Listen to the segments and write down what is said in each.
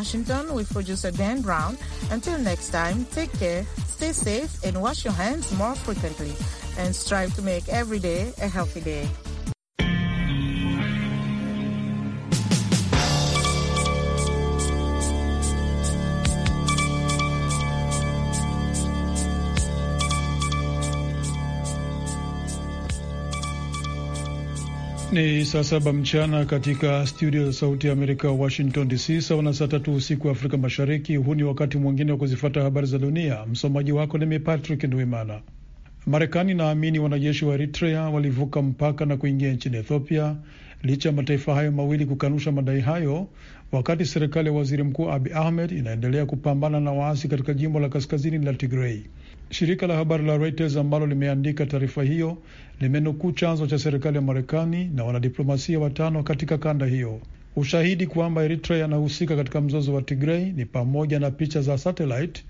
Washington with producer Dan Brown. Until next time, take care, stay safe, and wash your hands more frequently, and strive to make every day a healthy day. Ni saa saba mchana katika studio za Sauti ya Amerika, Washington DC, sawa na saa tatu usiku wa Afrika Mashariki. Huu ni wakati mwingine wa kuzifata habari za dunia. Msomaji wako ni mimi Patrick Ndwimana. Marekani inaamini wanajeshi wa Eritrea walivuka mpaka na kuingia nchini Ethiopia licha ya mataifa hayo mawili kukanusha madai hayo, wakati serikali ya waziri mkuu Abi Ahmed inaendelea kupambana na waasi katika jimbo la kaskazini la Tigrei. Shirika la habari la Reuters ambalo limeandika taarifa hiyo limenukuu chanzo cha serikali ya Marekani na wanadiplomasia watano katika kanda hiyo. Ushahidi kwamba Eritrea anahusika katika mzozo wa Tigrei ni pamoja na picha za satellite,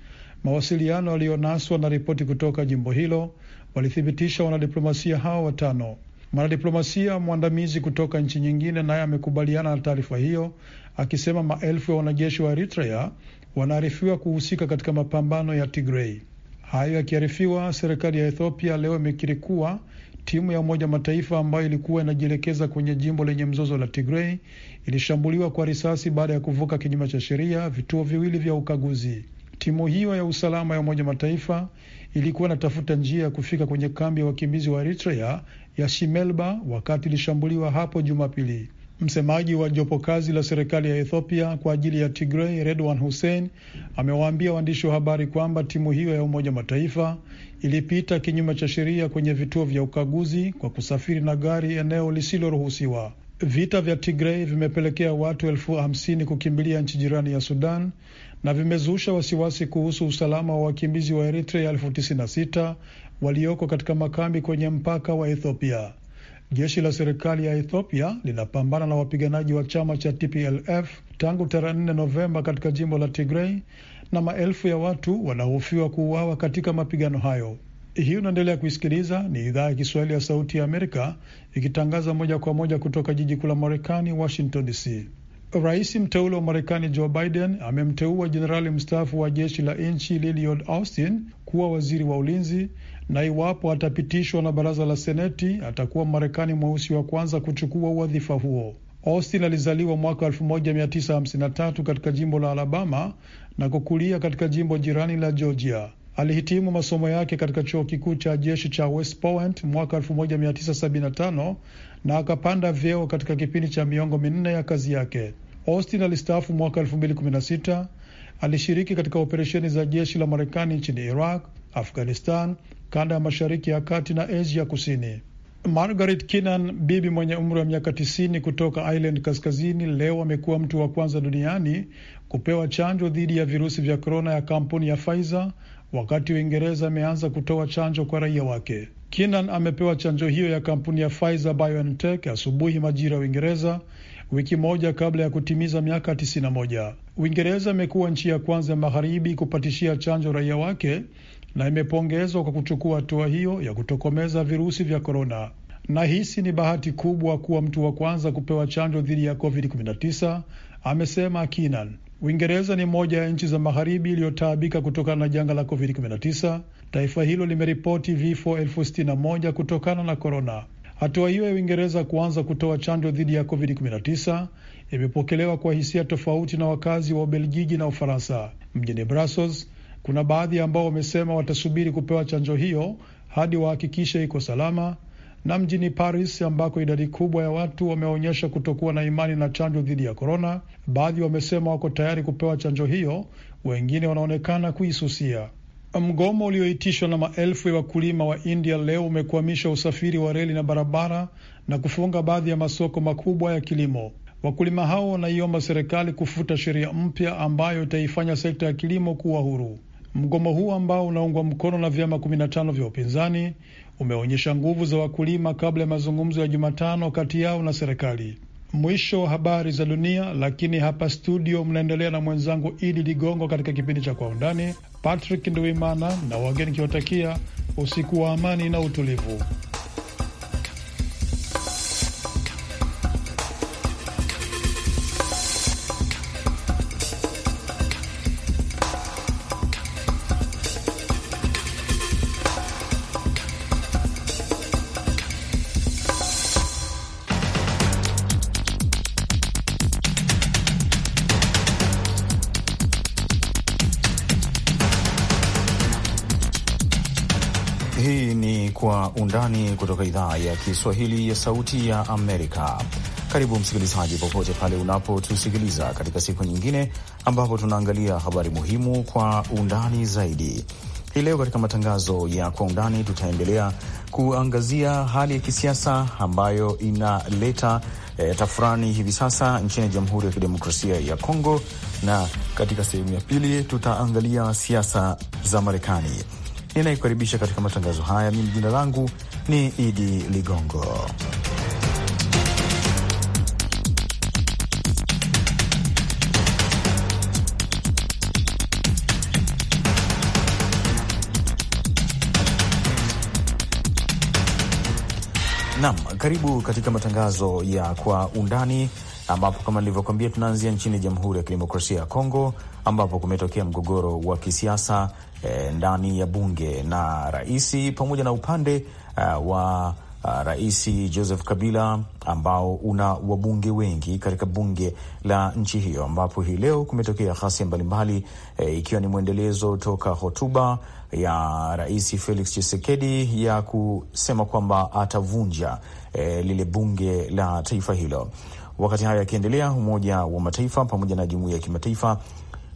mawasiliano yaliyonaswa na ripoti kutoka jimbo hilo, walithibitisha wanadiplomasia hao watano. Mwanadiplomasia mwandamizi kutoka nchi nyingine naye amekubaliana na taarifa hiyo akisema maelfu ya wanajeshi wa Eritrea wanaarifiwa kuhusika katika mapambano ya Tigrei. Hayo yakiarifiwa, serikali ya Ethiopia leo imekiri kuwa timu ya Umoja Mataifa ambayo ilikuwa inajielekeza kwenye jimbo lenye mzozo la Tigrei ilishambuliwa kwa risasi baada ya kuvuka kinyume cha sheria vituo viwili vya ukaguzi. Timu hiyo ya usalama ya Umoja Mataifa ilikuwa inatafuta njia ya kufika kwenye kambi ya wakimbizi wa Eritrea ya Shimelba wakati ilishambuliwa hapo Jumapili. Msemaji wa jopo kazi la serikali ya Ethiopia kwa ajili ya Tigrei, Redwan Hussein, amewaambia waandishi wa habari kwamba timu hiyo ya Umoja Mataifa ilipita kinyume cha sheria kwenye vituo vya ukaguzi kwa kusafiri na gari eneo lisiloruhusiwa. Vita vya Tigrei vimepelekea watu elfu hamsini kukimbilia nchi jirani ya Sudan na vimezusha wasiwasi kuhusu usalama wa wakimbizi wa Eritrea elfu tisini na sita walioko katika makambi kwenye mpaka wa Ethiopia. Jeshi la serikali ya Ethiopia linapambana na wapiganaji wa chama cha TPLF tangu tarehe 4 Novemba katika jimbo la Tigrei na maelfu ya watu wanahofiwa kuuawa katika mapigano hayo. Hii unaendelea kuisikiliza, ni idhaa ya Kiswahili ya Sauti ya Amerika ikitangaza moja kwa moja kutoka jiji kuu la Marekani, Washington DC. Rais mteule wa Marekani Joe Biden amemteua jenerali mstaafu wa jeshi la nchi Lloyd Austin kuwa waziri wa ulinzi na iwapo atapitishwa na baraza la Seneti, atakuwa Marekani mweusi wa kwanza kuchukua wadhifa huo. Austin alizaliwa mwaka 1953 katika jimbo la Alabama na kukulia katika jimbo jirani la Georgia. Alihitimu masomo yake katika chuo kikuu cha jeshi cha West Point mwaka 1975 na akapanda vyeo katika kipindi cha miongo minne ya kazi yake. Austin alistaafu mwaka 2016. Alishiriki katika operesheni za jeshi la Marekani nchini Iraq Afghanistan, kanda ya mashariki ya kati na Asia Kusini. Margaret Kinan, bibi mwenye umri wa miaka tisini kutoka Ireland Kaskazini, leo amekuwa mtu wa kwanza duniani kupewa chanjo dhidi ya virusi vya korona ya kampuni ya Pfizer, wakati Uingereza ameanza kutoa chanjo kwa raia wake. Kinan amepewa chanjo hiyo ya kampuni ya Pfizer BioNTech asubuhi majira ya Uingereza, wiki moja kabla ya kutimiza miaka tisini na moja. Uingereza imekuwa nchi ya kwanza ya magharibi kupatishia chanjo raia wake na imepongezwa kwa kuchukua hatua hiyo ya kutokomeza virusi vya korona. Nahisi ni bahati kubwa kuwa mtu wa kwanza kupewa chanjo dhidi ya COVID-19, amesema Kinan. Uingereza ni moja ya nchi za magharibi iliyotaabika kutokana na janga la COVID-19. Taifa hilo limeripoti vifo elfu sitini na moja kutokana na korona. Hatua hiyo ya Uingereza kuanza kutoa chanjo dhidi ya COVID-19 imepokelewa kwa hisia tofauti na wakazi wa Ubelgiji na Ufaransa. Mjini Brussels, kuna baadhi ambao wamesema watasubiri kupewa chanjo hiyo hadi wahakikishe iko salama. Na mjini Paris ambako idadi kubwa ya watu wameonyesha kutokuwa na imani na chanjo dhidi ya korona, baadhi wamesema wako tayari kupewa chanjo hiyo, wengine wanaonekana kuisusia. Mgomo ulioitishwa na maelfu ya wakulima wa India leo umekwamisha usafiri wa reli na barabara na kufunga baadhi ya masoko makubwa ya kilimo. Wakulima hao wanaiomba serikali kufuta sheria mpya ambayo itaifanya sekta ya kilimo kuwa huru. Mgomo huu ambao unaungwa mkono na vyama 15 vya upinzani umeonyesha nguvu za wakulima kabla ya mazungumzo ya Jumatano kati yao na serikali. Mwisho wa habari za dunia, lakini hapa studio mnaendelea na mwenzangu Idi Ligongo katika kipindi cha Kwa Undani. Patrick Nduimana na wageni kiwatakia usiku wa amani na utulivu. kutoka idhaa ya Kiswahili ya Sauti ya Amerika. Karibu msikilizaji, popote pale unapotusikiliza katika siku nyingine ambapo tunaangalia habari muhimu kwa undani zaidi. Hii leo katika matangazo ya kwa undani tutaendelea kuangazia hali ya kisiasa ambayo inaleta e, tafurani hivi sasa nchini Jamhuri ya Kidemokrasia ya Kongo, na katika sehemu ya pili tutaangalia siasa za Marekani ninayekukaribisha katika matangazo haya. Mimi jina langu ni Idi Ligongo. Naam, karibu katika matangazo ya kwa undani ambapo kama nilivyokuambia tunaanzia nchini Jamhuri ya Kidemokrasia ya Kongo ambapo kumetokea mgogoro wa kisiasa e, ndani ya bunge na raisi pamoja na upande uh, wa Uh, eh, Rais Joseph Kabila ambao una wabunge wengi katika bunge la nchi hiyo, ambapo hii leo kumetokea ghasia mbalimbali e, ikiwa ni mwendelezo toka hotuba ya Rais Felix Tshisekedi ya kusema kwamba atavunja e, lile bunge la taifa hilo. Wakati hayo yakiendelea, Umoja wa Mataifa pamoja na jumuiya ya kimataifa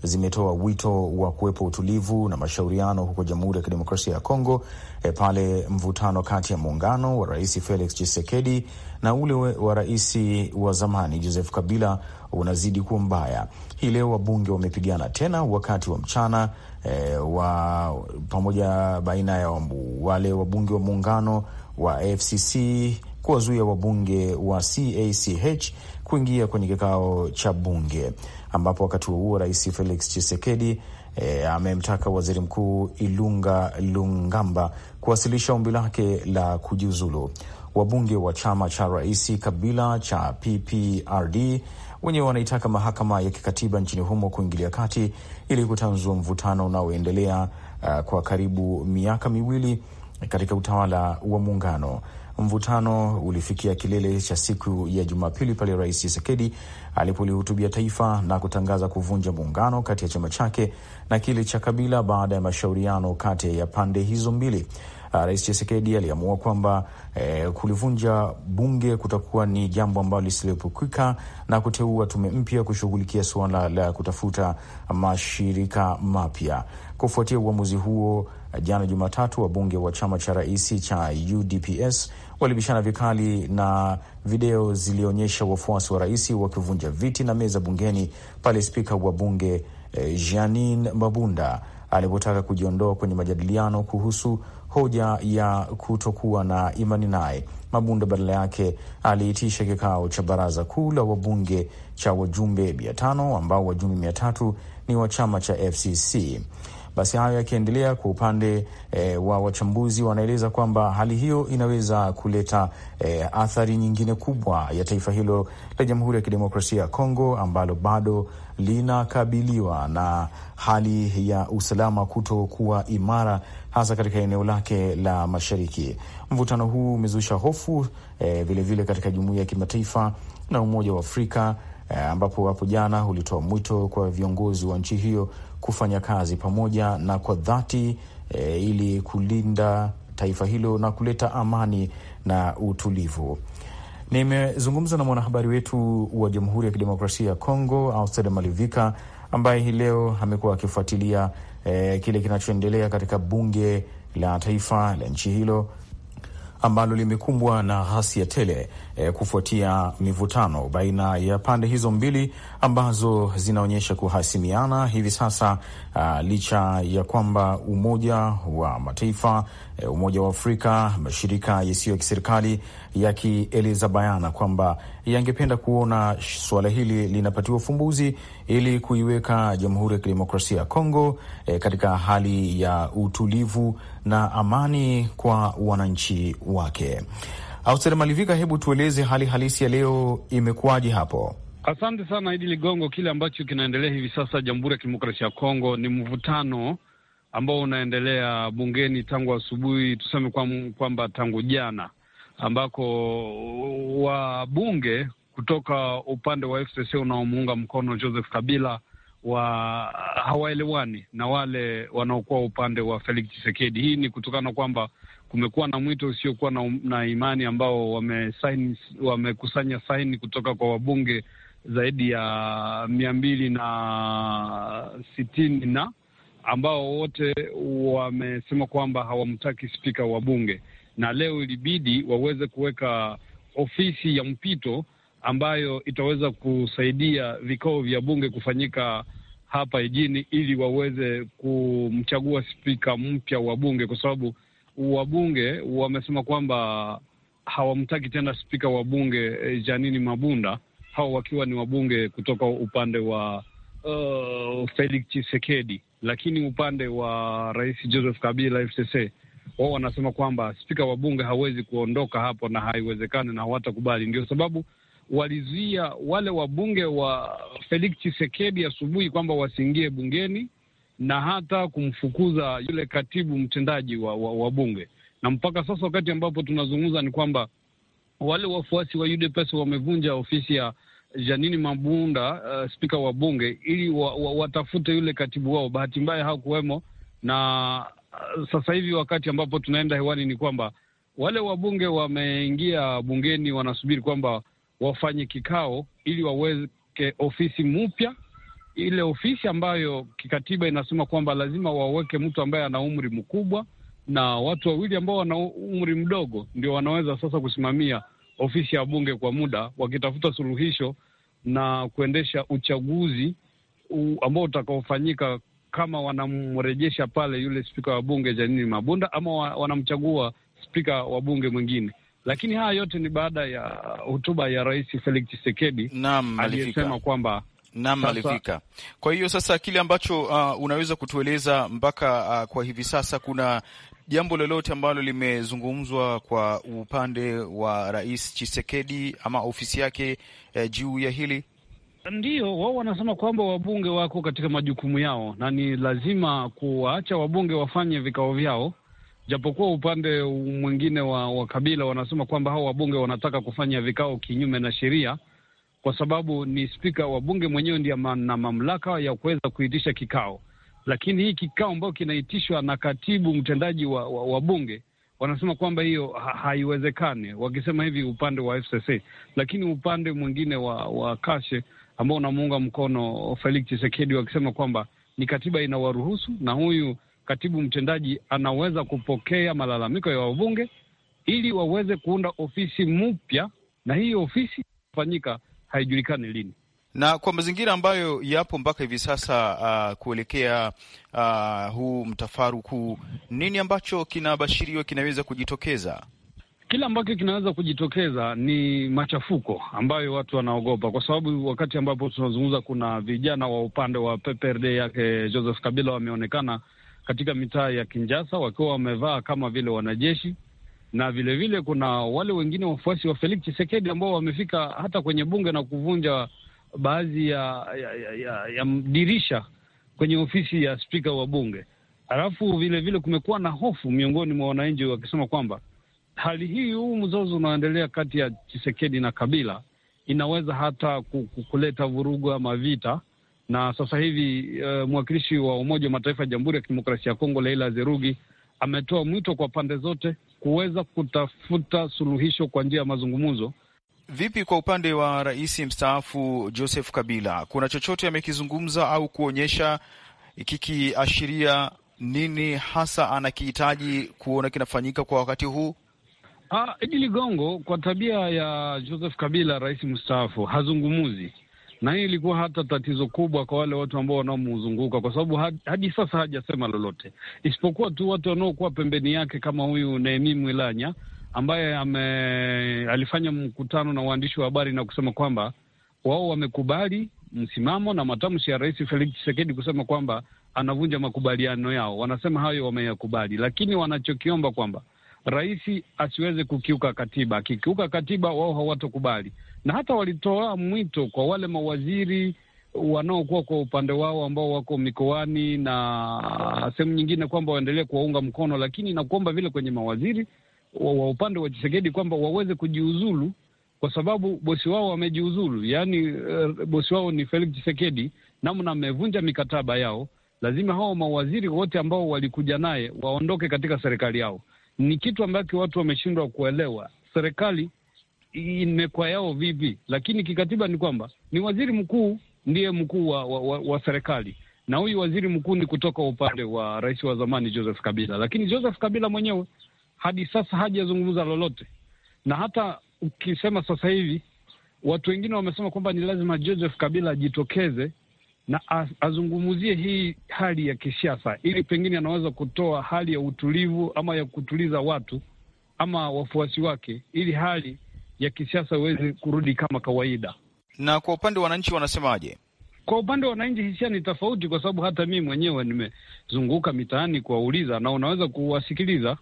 zimetoa wito wa kuwepo utulivu na mashauriano huko Jamhuri ya Kidemokrasia ya Kongo e, pale mvutano kati ya muungano wa Rais Felix Tshisekedi na ule wa rais wa zamani Joseph Kabila unazidi kuwa mbaya. Hii leo wabunge wamepigana tena wakati wa mchana e, wa pamoja baina ya wambu, wale wabunge wa muungano wa FCC kuwazuia wabunge wa CACH kuingia kwenye kikao cha bunge, ambapo wakati huo huo Rais Felix Tshisekedi e, amemtaka waziri mkuu Ilunga Lungamba kuwasilisha ombi lake la kujiuzulu. Wabunge wa chama cha Rais Kabila cha PPRD wenyewe wanaitaka mahakama ya kikatiba nchini humo kuingilia kati ili kutanzua mvutano unaoendelea uh, kwa karibu miaka miwili katika utawala wa muungano. Mvutano ulifikia kilele cha siku ya Jumapili pale Rais chisekedi alipolihutubia taifa na kutangaza kuvunja muungano kati ya chama chake na kile cha Kabila baada ya mashauriano kati ya pande hizo mbili. Ah, Rais chisekedi aliamua kwamba e, kulivunja bunge kutakuwa ni jambo ambalo lisiloepukika na kuteua tume mpya kushughulikia suala la kutafuta mashirika mapya. Kufuatia uamuzi huo Jana Jumatatu, wabunge wa chama cha rais cha UDPS walibishana vikali na video zilionyesha wafuasi wa rais wakivunja viti na meza bungeni pale spika wa bunge eh, Mabunda alipotaka kujiondoa kwenye majadiliano kuhusu hoja ya kutokuwa na imani naye. Mabunda badala yake aliitisha kikao cha baraza kuu la wabunge cha wajumbe mia tano ambao wajumbe mia tatu ni wa chama cha FCC. Basi hayo yakiendelea, kwa upande e, wa wachambuzi wanaeleza kwamba hali hiyo inaweza kuleta e, athari nyingine kubwa ya taifa hilo la Jamhuri ya Kidemokrasia ya Kongo ambalo bado linakabiliwa na hali ya usalama kutokuwa imara hasa katika eneo lake la mashariki. Mvutano huu umezusha hofu vilevile eh, vile katika jumuiya ya kimataifa na Umoja wa Afrika e, ambapo hapo jana ulitoa mwito kwa viongozi wa nchi hiyo kufanya kazi pamoja na kwa dhati e, ili kulinda taifa hilo na kuleta amani na utulivu. Nimezungumza na mwanahabari wetu wa Jamhuri ya Kidemokrasia ya Kongo, austel Malivika, ambaye hii leo amekuwa akifuatilia e, kile kinachoendelea katika bunge la taifa la nchi hilo ambalo limekumbwa na ghasia tele eh, kufuatia mivutano baina ya pande hizo mbili ambazo zinaonyesha kuhasimiana hivi sasa, uh, licha ya kwamba Umoja wa Mataifa, eh, Umoja wa Afrika, mashirika yasiyo ya kiserikali yakieleza bayana kwamba yangependa kuona suala hili linapatiwa ufumbuzi ili kuiweka Jamhuri ya Kidemokrasia ya Kongo eh, katika hali ya utulivu na amani kwa wananchi wake. Austeri Malivika, hebu tueleze hali halisi ya leo imekuwaje hapo? Asante sana Idi Ligongo. Kile ambacho kinaendelea hivi sasa Jamhuri ya Kidemokrasia ya Kongo ni mvutano ambao unaendelea bungeni tangu asubuhi, tuseme kwamba tangu jana, ambako wabunge kutoka upande wa FCC unaomuunga mkono Joseph Kabila wa hawaelewani na wale wanaokuwa upande wa Felix Tshisekedi. Hii ni kutokana kwamba kumekuwa na mwito usiokuwa na, um, na imani ambao wamesaini wamekusanya saini kutoka kwa wabunge zaidi ya mia mbili na sitini na ambao wote wamesema kwamba hawamtaki spika wa bunge, na leo ilibidi waweze kuweka ofisi ya mpito ambayo itaweza kusaidia vikao vya bunge kufanyika hapa jijini ili waweze kumchagua spika mpya wa bunge, kwa sababu wabunge wamesema kwamba hawamtaki tena spika wa bunge eh, Janini Mabunda, hao wakiwa ni wabunge kutoka upande wa uh, Felix Chisekedi, lakini upande wa Rais Joseph Kabila FCC wao wanasema kwamba spika wa bunge hawezi kuondoka hapo na haiwezekani na hawatakubali. Ndio sababu walizuia wale wabunge wa Felix Tshisekedi asubuhi kwamba wasiingie bungeni na hata kumfukuza yule katibu mtendaji wa, wa, wa bunge. Na mpaka sasa wakati ambapo tunazungumza ni kwamba wale wafuasi wa UDPS wamevunja ofisi ya Janini Mabunda, uh, spika wa bunge ili wa, wa, watafute yule katibu wao. Bahati mbaya hakuwemo, na uh, sasa hivi wakati ambapo tunaenda hewani ni kwamba wale wabunge wameingia bungeni wanasubiri kwamba wafanye kikao ili waweke ofisi mpya, ile ofisi ambayo kikatiba inasema kwamba lazima waweke mtu ambaye ana umri mkubwa na watu wawili ambao wana umri mdogo, ndio wanaweza sasa kusimamia ofisi ya bunge kwa muda, wakitafuta suluhisho na kuendesha uchaguzi ambao utakaofanyika kama wanamrejesha pale yule spika wa bunge Janini Mabunda ama wanamchagua spika wa bunge mwingine. Lakini haya yote ni baada ya hotuba ya Rais Felix Tshisekedi aliyesema kwamba Naam, malifika. Kwa hiyo sasa kile ambacho uh, unaweza kutueleza mpaka uh, kwa hivi sasa kuna jambo lolote ambalo limezungumzwa kwa upande wa Rais Chisekedi ama ofisi yake uh, juu ya hili? ndio wao wanasema kwamba wabunge wako katika majukumu yao na ni lazima kuwaacha wabunge wafanye vikao vyao japokuwa upande mwingine wa, wa Kabila wanasema kwamba hao wabunge wanataka kufanya vikao kinyume na sheria, kwa sababu ni spika wa bunge mwenyewe ndiye na mamlaka ya kuweza kuitisha kikao, lakini hii kikao ambayo kinaitishwa na katibu mtendaji wa, wa, wa bunge wanasema kwamba hiyo ha haiwezekani, wakisema hivi upande wa FCC. Lakini upande mwingine wa, wa Kashe ambao unamuunga mkono Felix chisekedi wakisema kwamba ni katiba inawaruhusu na huyu katibu mtendaji anaweza kupokea malalamiko ya wabunge ili waweze kuunda ofisi mpya, na hii ofisi fanyika haijulikani lini na kwa mazingira ambayo yapo mpaka hivi sasa uh, kuelekea uh, huu mtafaruku, nini ambacho kinabashiriwa kinaweza kujitokeza? Kile ambacho kinaweza kujitokeza ni machafuko ambayo watu wanaogopa, kwa sababu wakati ambapo tunazungumza, kuna vijana wa upande wa PPRD yake Joseph Kabila wameonekana katika mitaa ya Kinjasa wakiwa wamevaa kama vile wanajeshi, na vilevile vile kuna wale wengine wafuasi wa Felix chisekedi ambao wamefika hata kwenye bunge na kuvunja baadhi ya, ya, ya, ya, ya dirisha kwenye ofisi ya spika wa bunge. Halafu vilevile kumekuwa na hofu miongoni mwa wananchi wakisema kwamba hali hii, huu mzozo unaoendelea kati ya chisekedi na Kabila inaweza hata kuleta vurugu ama vita na sasa hivi uh, mwakilishi wa Umoja wa Mataifa ya Jamhuri ya Kidemokrasia ya Kongo Leila Zerugi ametoa mwito kwa pande zote kuweza kutafuta suluhisho kwa njia ya mazungumzo. Vipi kwa upande wa rais mstaafu Joseph Kabila, kuna chochote amekizungumza au kuonyesha kikiashiria nini hasa anakihitaji kuona kinafanyika kwa wakati huu? Ah, Idi Ligongo, kwa tabia ya Joseph Kabila, rais mstaafu hazungumuzi na hii ilikuwa hata tatizo kubwa kwa wale watu ambao wanaomzunguka, kwa sababu hadi, hadi sasa hajasema lolote, isipokuwa tu watu wanaokuwa pembeni yake kama huyu Naemi Mwilanya ambaye ame, alifanya mkutano na waandishi wa habari na kusema kwamba wao wamekubali msimamo na matamshi ya Rais Felix Tshisekedi kusema kwamba anavunja makubaliano yao. Wanasema hayo wameyakubali, lakini wanachokiomba kwamba rais asiweze kukiuka katiba. Akikiuka katiba, wao hawatokubali na hata walitoa mwito kwa wale mawaziri wanaokuwa kwa upande wao ambao wako mikoani na sehemu nyingine kwamba waendelee kuwaunga mkono, lakini nakuomba vile kwenye mawaziri wa, wa upande wa Chisekedi kwamba waweze kujiuzulu kwa sababu bosi wao wamejiuzulu. Yaani uh, bosi wao ni Felix Chisekedi, namna amevunja mikataba yao, lazima hao mawaziri wote ambao walikuja naye waondoke katika serikali yao. Ni kitu ambacho watu wameshindwa kuelewa. Serikali imekuwa yao vipi, lakini kikatiba ni kwamba ni waziri mkuu ndiye mkuu wa, wa, wa, wa serikali na huyu waziri mkuu ni kutoka upande wa rais wa zamani Joseph Kabila, lakini Joseph Kabila mwenyewe hadi sasa hajazungumza lolote, na hata ukisema sasa hivi watu wengine wamesema kwamba ni lazima Joseph Kabila ajitokeze na azungumzie hii hali ya kisiasa, ili pengine anaweza kutoa hali ya utulivu ama ya kutuliza watu ama wafuasi wake, ili hali ya kisiasa uweze kurudi kama kawaida. Na kwa upande wa wananchi wanasemaje? Kwa upande wa wananchi hisia ni tofauti, kwa sababu hata mimi mwenyewe nimezunguka mitaani kuwauliza, na unaweza kuwasikiliza.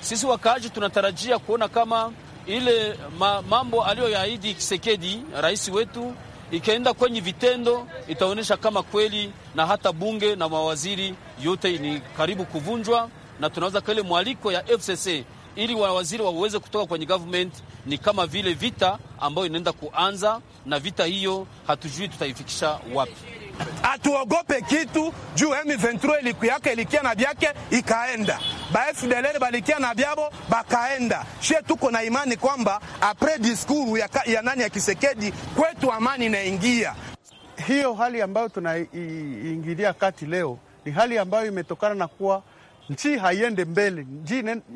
Sisi wakaaji tunatarajia kuona kama ile ma, mambo aliyoyaahidi Kisekedi rais wetu ikaenda kwenye vitendo, itaonyesha kama kweli, na hata bunge na mawaziri yote ni karibu kuvunjwa, na tunaweza kaile mwaliko ya FCC ili wawaziri waweze kutoka kwenye government, ni kama vile vita ambayo inaenda kuanza, na vita hiyo hatujui tutaifikisha wapi. Hatuogope kitu juu M23 ilikuyaka ilikia na vyake ikaenda, ba FDLR balikia na vyabo bakaenda. Shie tuko na imani kwamba apres diskuru ya, ya nani ya Kisekedi kwetu amani inaingia. Hiyo hali ambayo tunaiingilia kati leo ni hali ambayo imetokana na kuwa Nchi haiende mbele,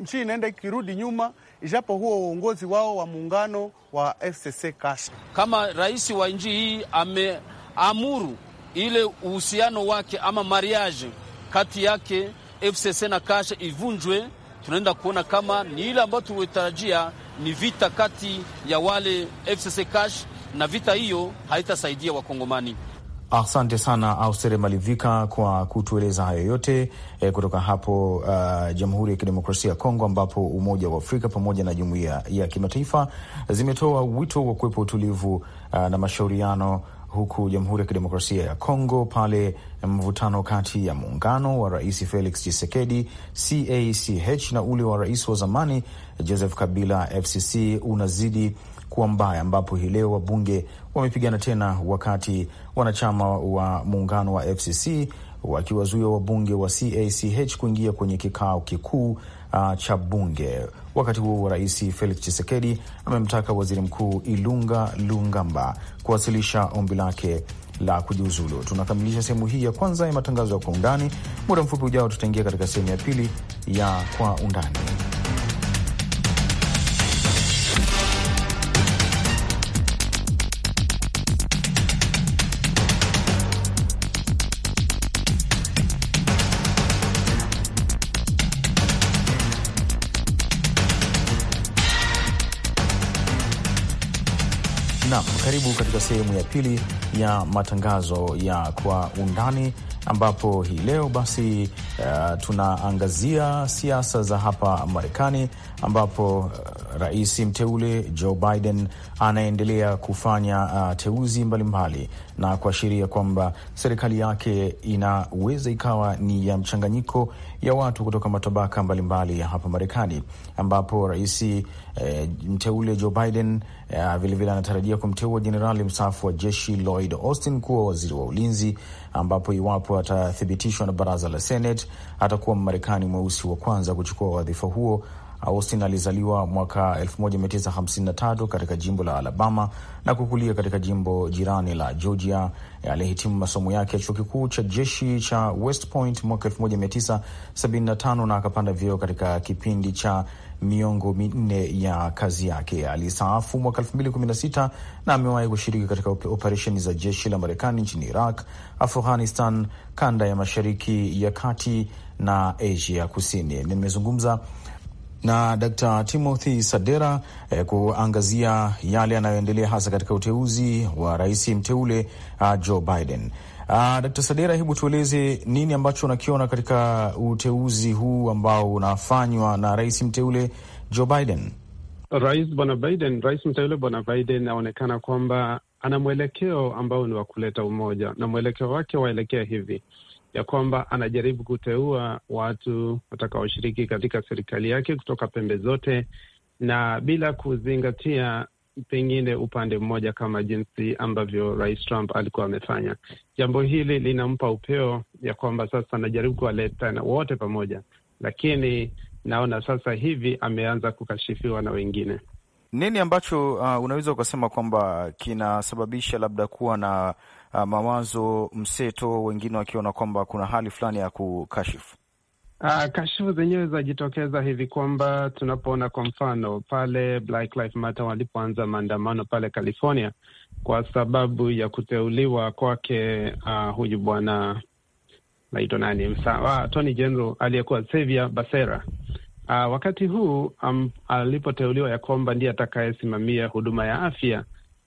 nchi inaenda ikirudi nyuma, ijapo huo uongozi wao wa muungano wa FCC Kash. Kama rais wa nchi hii ameamuru ile uhusiano wake ama mariage kati yake FCC na Kash ivunjwe, tunaenda kuona kama ni ile ambayo tulitarajia, ni vita kati ya wale FCC Kash, na vita hiyo haitasaidia Wakongomani. Asante sana Austere Malivika kwa kutueleza hayo yote e, kutoka hapo uh, Jamhuri ya Kidemokrasia ya Kongo, ambapo Umoja wa Afrika pamoja na jumuiya ya kimataifa zimetoa wito wa kuwepo utulivu uh, na mashauriano huku Jamhuri ya Kidemokrasia ya Kongo pale mvutano kati ya muungano wa Rais Felix Tshisekedi CACH na ule wa rais wa zamani Joseph Kabila FCC unazidi kuwa mbaya, ambapo hii leo wabunge wamepigana tena, wakati wanachama wa muungano wa FCC wakiwazuia wabunge wa CACH kuingia kwenye kikao kikuu uh, cha bunge. Wakati huo Rais Felix Tshisekedi amemtaka Waziri Mkuu Ilunga Lungamba kuwasilisha ombi lake la kujiuzulu. Tunakamilisha sehemu hii ya kwanza ya matangazo ya kwa undani. Muda mfupi ujao, tutaingia katika sehemu ya pili ya kwa undani. Karibu katika sehemu ya pili ya matangazo ya kwa undani ambapo hii leo basi Uh, tunaangazia siasa za hapa Marekani ambapo uh, rais mteule Joe Biden anaendelea kufanya uh, teuzi mbalimbali na kuashiria kwamba serikali yake inaweza ikawa ni ya mchanganyiko ya watu kutoka matabaka mbalimbali ya hapa Marekani, ambapo rais uh, mteule Joe Biden vilevile uh, anatarajia kumteua jenerali mstaafu wa jeshi Lloyd Austin kuwa waziri wa ulinzi, ambapo iwapo atathibitishwa na baraza la Senate atakuwa Mmarekani mweusi wa kwanza kuchukua wadhifa huo. Austin alizaliwa mwaka 1953 katika jimbo la Alabama na kukulia katika jimbo jirani la Georgia. Alihitimu masomo yake ya chuo kikuu cha jeshi cha West Point mwaka 1975 na akapanda vyeo katika kipindi cha miongo minne ya kazi yake. Alistaafu mwaka sita na amewahi kushiriki katika operesheni za jeshi la Marekani nchini Iraq, Afghanistan, kanda ya mashariki ya kati na Asia Kusini. Nimezungumza na Dkt. Timothy Sadera eh, kuangazia yale yanayoendelea hasa katika uteuzi wa rais mteule uh, Joe Biden. Uh, ah, Dkt. Sadera, hebu tueleze nini ambacho unakiona katika uteuzi huu ambao unafanywa na rais mteule Joe Biden? Rais bwana Biden, rais mteule bwana Biden aonekana kwamba ana mwelekeo ambao ni wa kuleta umoja na mwelekeo wake waelekea hivi ya kwamba anajaribu kuteua watu watakaoshiriki katika serikali yake kutoka pembe zote na bila kuzingatia pengine upande mmoja kama jinsi ambavyo Rais Trump alikuwa amefanya. Jambo hili linampa upeo ya kwamba sasa anajaribu kuwaleta na wote pamoja, lakini naona sasa hivi ameanza kukashifiwa na wengine. Nini ambacho uh, unaweza ukasema kwamba kinasababisha labda kuwa na Ah, mawazo mseto, wengine wakiona kwamba kuna hali fulani ya kukashifu Uh, kashifu zenyewe zajitokeza hivi kwamba tunapoona kwa mfano pale Black Lives Matter walipoanza maandamano pale California kwa sababu ya kuteuliwa kwake uh, huyu bwana naitwa nani Tony General aliyekuwa Xavier Becerra uh, wakati huu um, alipoteuliwa ya kwamba ndiye atakayesimamia huduma ya afya,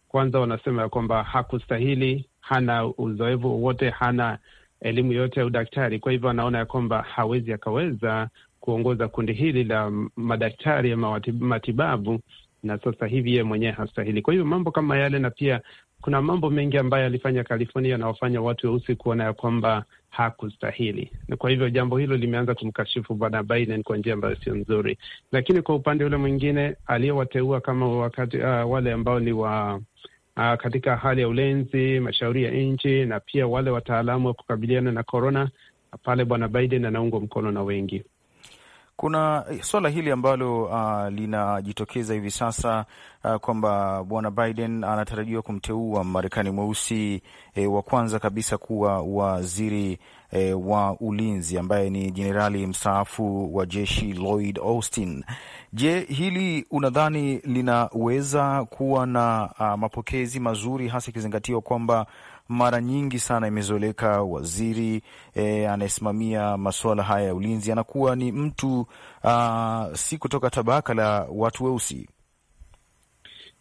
kwanza wanasema ya kwamba hakustahili hana uzoefu wowote, hana elimu yoyote ya udaktari. Kwa hivyo anaona ya kwamba hawezi akaweza kuongoza kundi hili la madaktari ama matibabu, na sasa hivi yeye mwenyewe hastahili. Kwa hivyo mambo kama yale, na pia kuna mambo mengi ambayo alifanya California anaofanya watu weusi kuona ya kwamba hakustahili. Kwa hivyo jambo hilo limeanza kumkashifu bwana Biden kwa njia ambayo sio nzuri, lakini kwa upande ule mwingine aliyowateua kama wakati uh, wale ambao ni wa uh, katika hali ya ulinzi, mashauri ya nchi na pia wale wataalamu wa kukabiliana na korona, pale Bwana Biden anaungwa mkono na wengi kuna eh, swala hili ambalo uh, linajitokeza hivi sasa uh, kwamba bwana Biden anatarajiwa kumteua Marekani mweusi eh, wa kwanza kabisa kuwa waziri eh, wa ulinzi ambaye ni jenerali mstaafu wa jeshi Lloyd Austin. Je, hili unadhani linaweza kuwa na uh, mapokezi mazuri hasa ikizingatiwa kwamba mara nyingi sana imezoeleka waziri e, anayesimamia masuala haya ya ulinzi anakuwa ni mtu a, ah, si kutoka tabaka la watu weusi.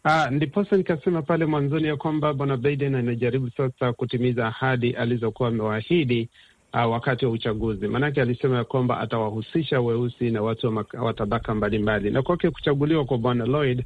Ah, ndiposa nikasema pale mwanzoni ya kwamba bwana Biden anajaribu sasa kutimiza ahadi alizokuwa amewaahidi ah, wakati wa uchaguzi. Maanake alisema ya kwamba atawahusisha weusi na watu wa tabaka mbalimbali, na kwake kuchaguliwa kwa bwana Lloyd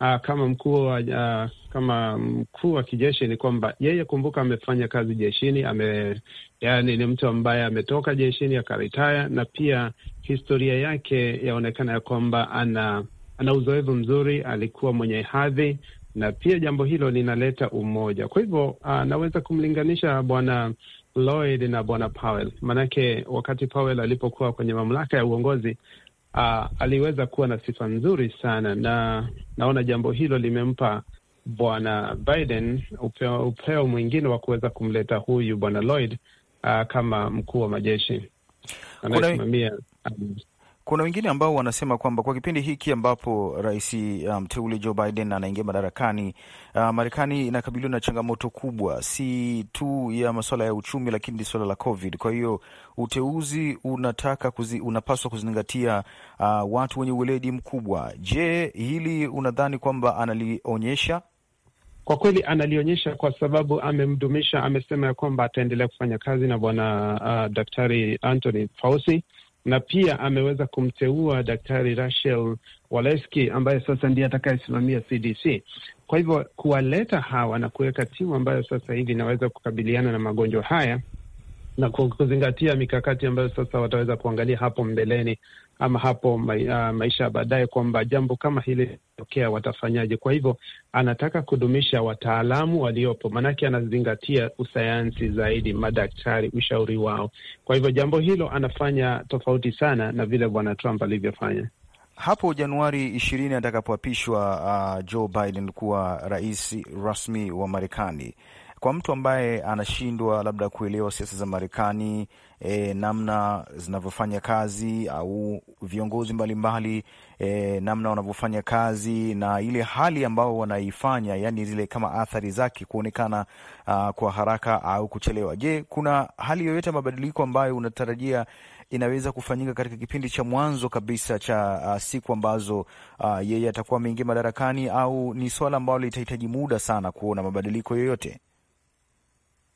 uh, kama mkuu wa ah, kama mkuu wa kijeshi ni kwamba yeye, kumbuka, amefanya kazi jeshini, ame yani ni mtu ambaye ametoka jeshini akaritaya, na pia historia yake yaonekana ya kwamba ana ana uzoefu mzuri, alikuwa mwenye hadhi na pia jambo hilo linaleta umoja. Kwa hivyo ah, naweza kumlinganisha bwana Lloyd na bwana Powell, manake wakati Powell alipokuwa kwenye mamlaka ya uongozi uh, aliweza kuwa na sifa nzuri sana, na naona jambo hilo limempa bwana Biden upeo, upeo mwingine wa kuweza kumleta huyu bwana Lloyd uh, kama mkuu wa majeshi anayesimamia um, kuna wengine ambao wanasema kwamba kwa kipindi hiki ambapo rais mteule um, Joe Biden anaingia madarakani uh, Marekani inakabiliwa na changamoto kubwa, si tu ya masuala ya uchumi, lakini ni suala la COVID. Kwa hiyo uteuzi unataka kuzi, unapaswa kuzingatia uh, watu wenye uweledi mkubwa. Je, hili unadhani kwamba analionyesha? Kwa kweli analionyesha, kwa sababu amemdumisha, amesema ya kwamba ataendelea kufanya kazi na bwana uh, Daktari Anthony Fauci na pia ameweza kumteua Daktari Rachel Waleski ambaye sasa ndiye atakayesimamia CDC. Kwa hivyo kuwaleta hawa na kuweka timu ambayo sasa hivi inaweza kukabiliana na magonjwa haya na kuzingatia mikakati ambayo sasa wataweza kuangalia hapo mbeleni ama hapo ah, maisha ya baadaye, kwamba jambo kama hili tokea watafanyaje. Kwa hivyo anataka kudumisha wataalamu waliopo, maanake anazingatia usayansi zaidi, madaktari, ushauri wao. Kwa hivyo jambo hilo anafanya tofauti sana na vile bwana Trump alivyofanya hapo Januari ishirini atakapoapishwa uh, Joe Biden kuwa rais rasmi wa Marekani. Kwa mtu ambaye anashindwa labda kuelewa siasa za Marekani e, namna zinavyofanya kazi au viongozi mbalimbali e, namna wanavyofanya kazi na ile hali ambao wanaifanya, yani zile kama athari zake kuonekana uh, kwa haraka au kuchelewa. Je, kuna hali yoyote ya mabadiliko ambayo unatarajia inaweza kufanyika katika kipindi cha mwanzo kabisa cha uh, siku ambazo uh, yeye atakuwa ameingia madarakani, au ni swala ambalo litahitaji muda sana kuona mabadiliko yoyote?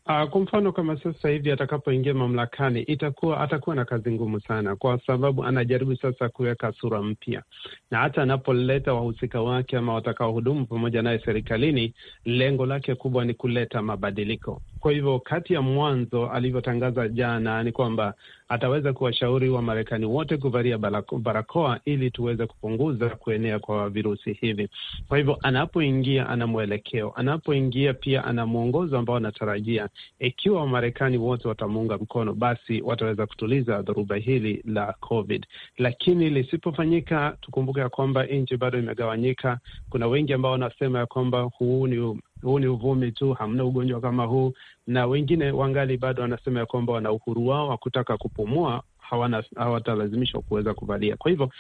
Uh, kwa mfano kama sasa hivi atakapoingia mamlakani itakuwa atakuwa na kazi ngumu sana, kwa sababu anajaribu sasa kuweka sura mpya, na hata anapoleta wahusika wake ama watakaohudumu pamoja naye serikalini, lengo lake kubwa ni kuleta mabadiliko. Kwa hivyo kati ya mwanzo alivyotangaza jana ni kwamba ataweza kuwashauri Wamarekani wote kuvalia barakoa ili tuweze kupunguza kuenea kwa virusi hivi. Kwa hivyo, anapoingia ana mwelekeo, anapoingia pia ana mwongozo ambao anatarajia. Ikiwa Wamarekani wote watamuunga mkono, basi wataweza kutuliza dhoruba hili la COVID, lakini lisipofanyika, tukumbuke ya kwamba nchi bado imegawanyika. Kuna wengi ambao wanasema ya kwamba huu ni huu ni uvumi tu, hamna ugonjwa kama huu, na wengine wangali bado wanasema ya kwamba wana uhuru wao wa kutaka kupumua, hawatalazimishwa kuweza kuvalia. Kwa hivyo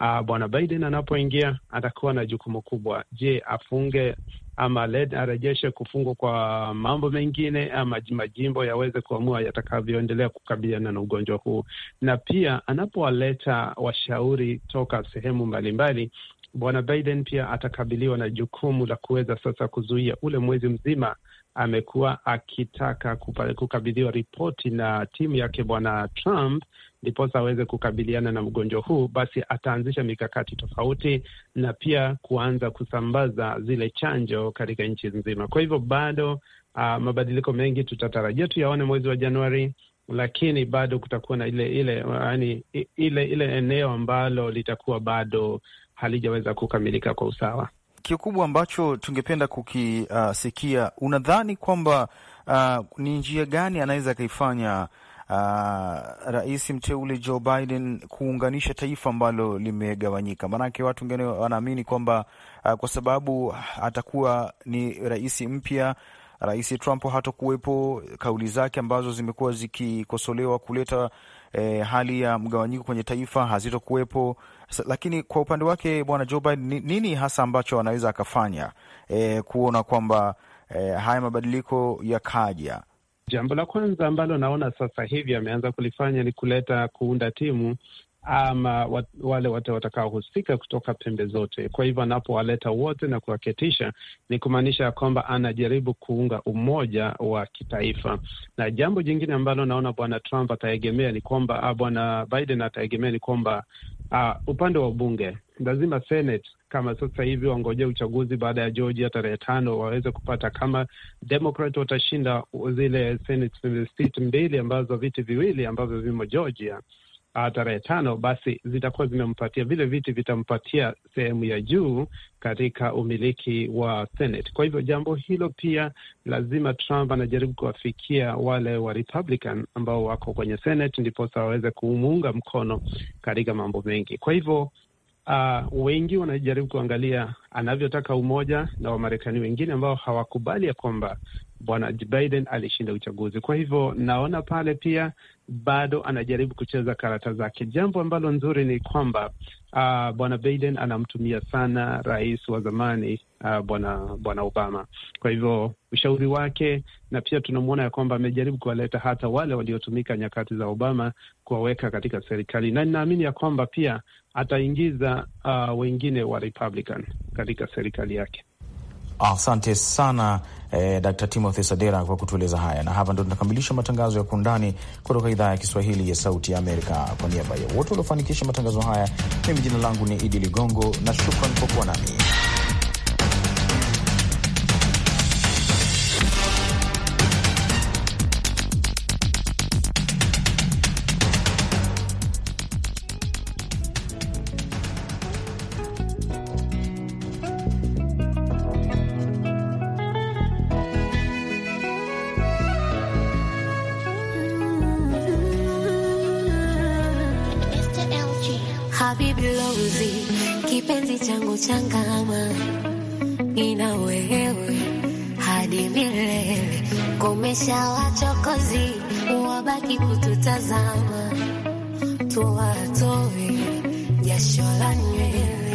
uh, bwana Biden anapoingia atakuwa na jukumu kubwa. Je, afunge ama led arejeshe kufungwa kwa mambo mengine ama majimbo yaweze kuamua yatakavyoendelea kukabiliana na ugonjwa huu, na pia anapowaleta washauri toka sehemu mbalimbali, Bwana Biden pia atakabiliwa na jukumu la kuweza sasa kuzuia ule mwezi mzima amekuwa akitaka kukabidhiwa ripoti na timu yake Bwana Trump ndiposa aweze kukabiliana na mgonjwa huu, basi ataanzisha mikakati tofauti na pia kuanza kusambaza zile chanjo katika nchi nzima. Kwa hivyo bado uh, mabadiliko mengi tutatarajia tuyaone mwezi wa Januari, lakini bado kutakuwa na ile ile yani, ile ile eneo ambalo litakuwa bado halijaweza kukamilika kwa usawa. Kikubwa ambacho tungependa kukisikia, uh, unadhani kwamba uh, ni njia gani anaweza akaifanya uh, rais mteule Joe Biden kuunganisha taifa ambalo limegawanyika? Maanake watu wengine wanaamini kwamba uh, kwa sababu atakuwa ni rais mpya Rais Trump hatokuwepo kauli zake ambazo zimekuwa zikikosolewa kuleta eh, hali ya mgawanyiko kwenye taifa hazitokuwepo. Lakini kwa upande wake bwana Joe Biden, nini hasa ambacho anaweza akafanya eh, kuona kwamba eh, haya mabadiliko yakaja? Jambo la kwanza ambalo naona sasa hivi ameanza kulifanya ni kuleta kuunda timu ama wale wote watakaohusika kutoka pembe zote. Kwa hivyo anapowaleta wote na kuwaketisha, ni kumaanisha ya kwamba anajaribu kuunga umoja wa kitaifa. Na jambo jingine ambalo naona bwana Trump ataegemea ni kwamba, ah, bwana Biden ataegemea ni kwamba Uh, upande wa bunge lazima Senate kama sasa hivi wangojea uchaguzi baada ya Georgia tarehe tano waweze kupata, kama Democrat watashinda zile Senate seat mbili ambazo viti viwili ambavyo vimo Georgia, Ah, tarehe tano, basi zitakuwa zimempatia vile viti vitampatia sehemu ya juu katika umiliki wa Senate. Kwa hivyo jambo hilo pia lazima Trump anajaribu kuwafikia wale wa Republican ambao wako kwenye Senate, ndiposa waweze kumuunga mkono katika mambo mengi. Kwa hivyo Uh, wengi wanajaribu kuangalia anavyotaka umoja na Wamarekani wengine ambao hawakubali ya kwamba bwana Biden alishinda uchaguzi. Kwa hivyo naona pale pia bado anajaribu kucheza karata zake. Jambo ambalo nzuri ni kwamba uh, bwana Biden anamtumia sana rais wa zamani uh, bwana bwana Obama. Kwa hivyo ushauri wake, na pia tunamwona ya kwamba amejaribu kuwaleta hata wale waliotumika nyakati za Obama kuwaweka katika serikali, na ninaamini ya kwamba pia ataingiza uh, wengine wa Republican katika serikali yake. Asante sana eh, Dkt Timothy Sadera kwa kutueleza haya, na hapa ndo tunakamilisha matangazo ya kundani kutoka idhaa ya Kiswahili ya Sauti ya Amerika. Kwa niaba ya wote waliofanikisha matangazo haya, mimi jina langu ni Idi Ligongo na shukran kwa kuwa nami. balozi, kipenzi changu changama, nina wewe hadi milele. Komesha wachokozi, wabaki kututazama, tuwatoe jasho la nywele